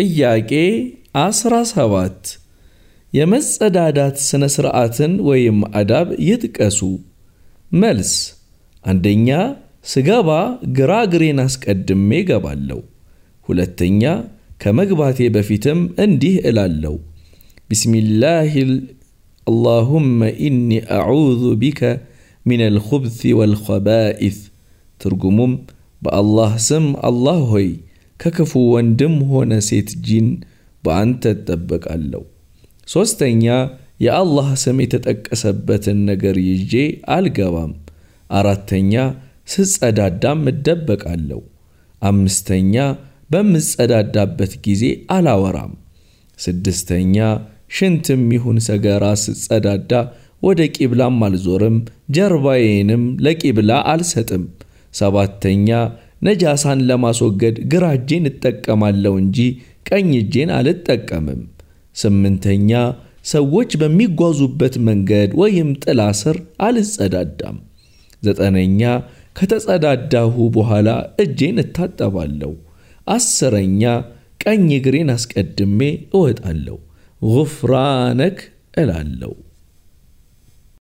ጥያቄ 17 የመጸዳዳት ስነ ሥርዓትን ወይም አዳብ ይጥቀሱ። መልስ፣ አንደኛ ስገባ ግራ እግሬን አስቀድሜ ገባለሁ። ሁለተኛ ከመግባቴ በፊትም እንዲህ እላለሁ፣ ቢስሚላህ አላሁመ ኢኒ አዑዙ ቢከ ሚን አልኹብሲ ወልኸባኢስ። ትርጉሙም በአላህ ስም አላህ ሆይ ከክፉ ወንድም ሆነ ሴት ጂን በአንተ እጠበቃለሁ። ሦስተኛ የአላህ ስም የተጠቀሰበትን ነገር ይዤ አልገባም። አራተኛ ስጸዳዳም እደበቃለሁ። አምስተኛ በምጸዳዳበት ጊዜ አላወራም። ስድስተኛ ሽንትም ይሁን ሰገራ ስጸዳዳ ወደ ቂብላም አልዞርም፣ ጀርባዬንም ለቂብላ አልሰጥም። ሰባተኛ ነጃሳን ለማስወገድ ግራ እጄን እጠቀማለሁ እንጂ ቀኝ እጄን አልጠቀምም። ስምንተኛ ሰዎች በሚጓዙበት መንገድ ወይም ጥላ ስር አልጸዳዳም። ዘጠነኛ ከተጸዳዳሁ በኋላ እጄን እታጠባለሁ። አስረኛ ቀኝ እግሬን አስቀድሜ እወጣለሁ። ጉፍራነክ እላለሁ።